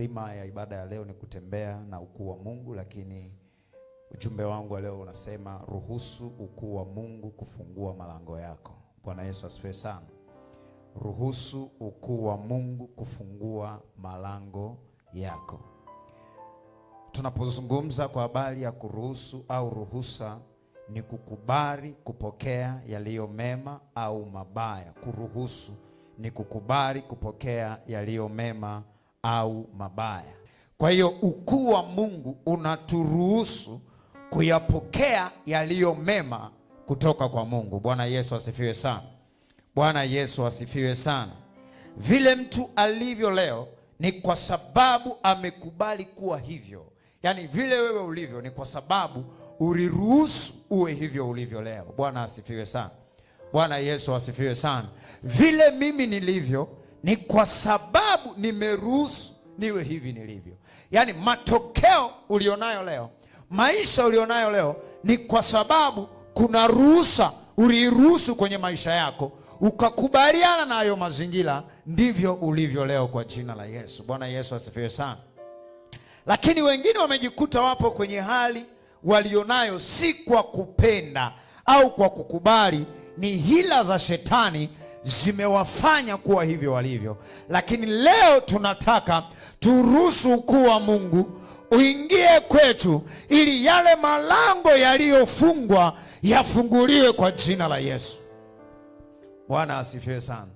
Dhima ya ibada ya leo ni kutembea na ukuu wa Mungu, lakini ujumbe wangu wa leo unasema ruhusu ukuu wa Mungu kufungua malango yako. Bwana Yesu asifiwe sana. Ruhusu ukuu wa Mungu kufungua malango yako. Tunapozungumza kwa habari ya kuruhusu au ruhusa, ni kukubali kupokea yaliyo mema au mabaya. Kuruhusu ni kukubali kupokea yaliyo mema au mabaya. Kwa hiyo ukuu wa Mungu unaturuhusu kuyapokea yaliyo mema kutoka kwa Mungu. Bwana Yesu asifiwe sana. Bwana Yesu asifiwe sana. Vile mtu alivyo leo ni kwa sababu amekubali kuwa hivyo. Yaani vile wewe ulivyo ni kwa sababu uliruhusu uwe hivyo ulivyo leo. Bwana asifiwe sana. Bwana Yesu asifiwe sana. Vile mimi nilivyo ni kwa sababu nimeruhusu niwe hivi nilivyo. Yaani matokeo ulionayo leo, maisha ulionayo leo ni kwa sababu kuna ruhusa uliruhusu kwenye maisha yako, ukakubaliana na hayo mazingira, ndivyo ulivyo leo kwa jina la Yesu. Bwana Yesu asifiwe sana. Lakini wengine wamejikuta wapo kwenye hali walionayo si kwa kupenda au kwa kukubali, ni hila za shetani zimewafanya kuwa hivyo walivyo. Lakini leo tunataka turuhusu ukuu wa Mungu uingie kwetu, ili yale malango yaliyofungwa yafunguliwe kwa jina la Yesu. Bwana asifiwe sana.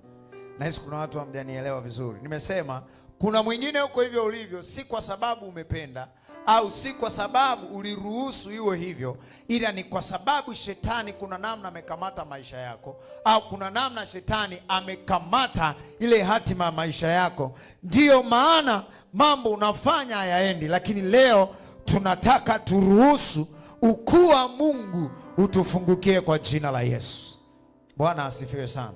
Nahisi kuna watu hamjanielewa vizuri. Nimesema kuna mwingine huko hivyo ulivyo, si kwa sababu umependa au si kwa sababu uliruhusu iwe hivyo, ila ni kwa sababu shetani kuna namna amekamata maisha yako, au kuna namna shetani amekamata ile hatima ya maisha yako. Ndiyo maana mambo unafanya hayaendi, lakini leo tunataka turuhusu ukuu wa Mungu utufungukie kwa jina la Yesu. Bwana asifiwe sana.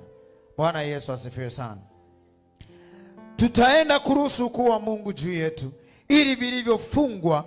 Bwana Yesu asifiwe sana tutaenda kuruhusu ukuu wa Mungu juu yetu ili vilivyofungwa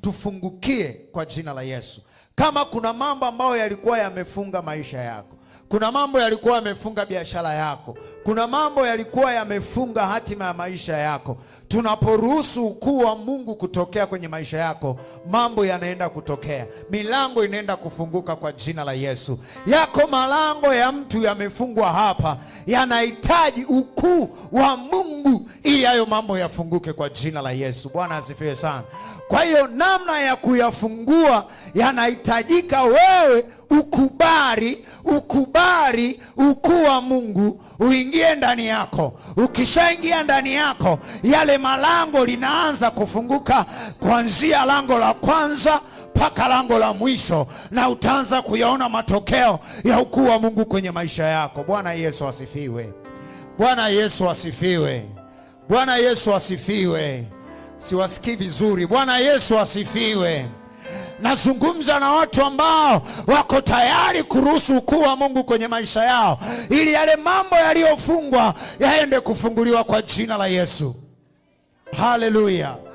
tufungukie kwa jina la Yesu. Kama kuna mambo ambayo yalikuwa yamefunga maisha yako, kuna mambo yalikuwa yamefunga biashara yako, kuna mambo yalikuwa yamefunga hatima ya maisha yako. Tunaporuhusu ukuu wa Mungu kutokea kwenye maisha yako, mambo yanaenda kutokea, milango inaenda kufunguka kwa jina la Yesu. Yako malango ya mtu yamefungwa hapa, yanahitaji ukuu wa Mungu ili hayo mambo yafunguke kwa jina la Yesu. Bwana asifiwe sana. Kwa hiyo namna ya kuyafungua yanahitajika wewe ukubali, ukubali ukuu wa Mungu uingie ndani yako. Ukishaingia ndani yako, yale malango linaanza kufunguka kuanzia lango la kwanza mpaka lango la mwisho, na utaanza kuyaona matokeo ya ukuu wa Mungu kwenye maisha yako. Bwana Yesu asifiwe. Bwana Yesu asifiwe. Bwana Yesu asifiwe. Siwasikii vizuri. Bwana Yesu asifiwe. Nazungumza na watu ambao wako tayari kuruhusu ukuu wa Mungu kwenye maisha yao, ili yale mambo yaliyofungwa yaende kufunguliwa kwa jina la Yesu. Haleluya.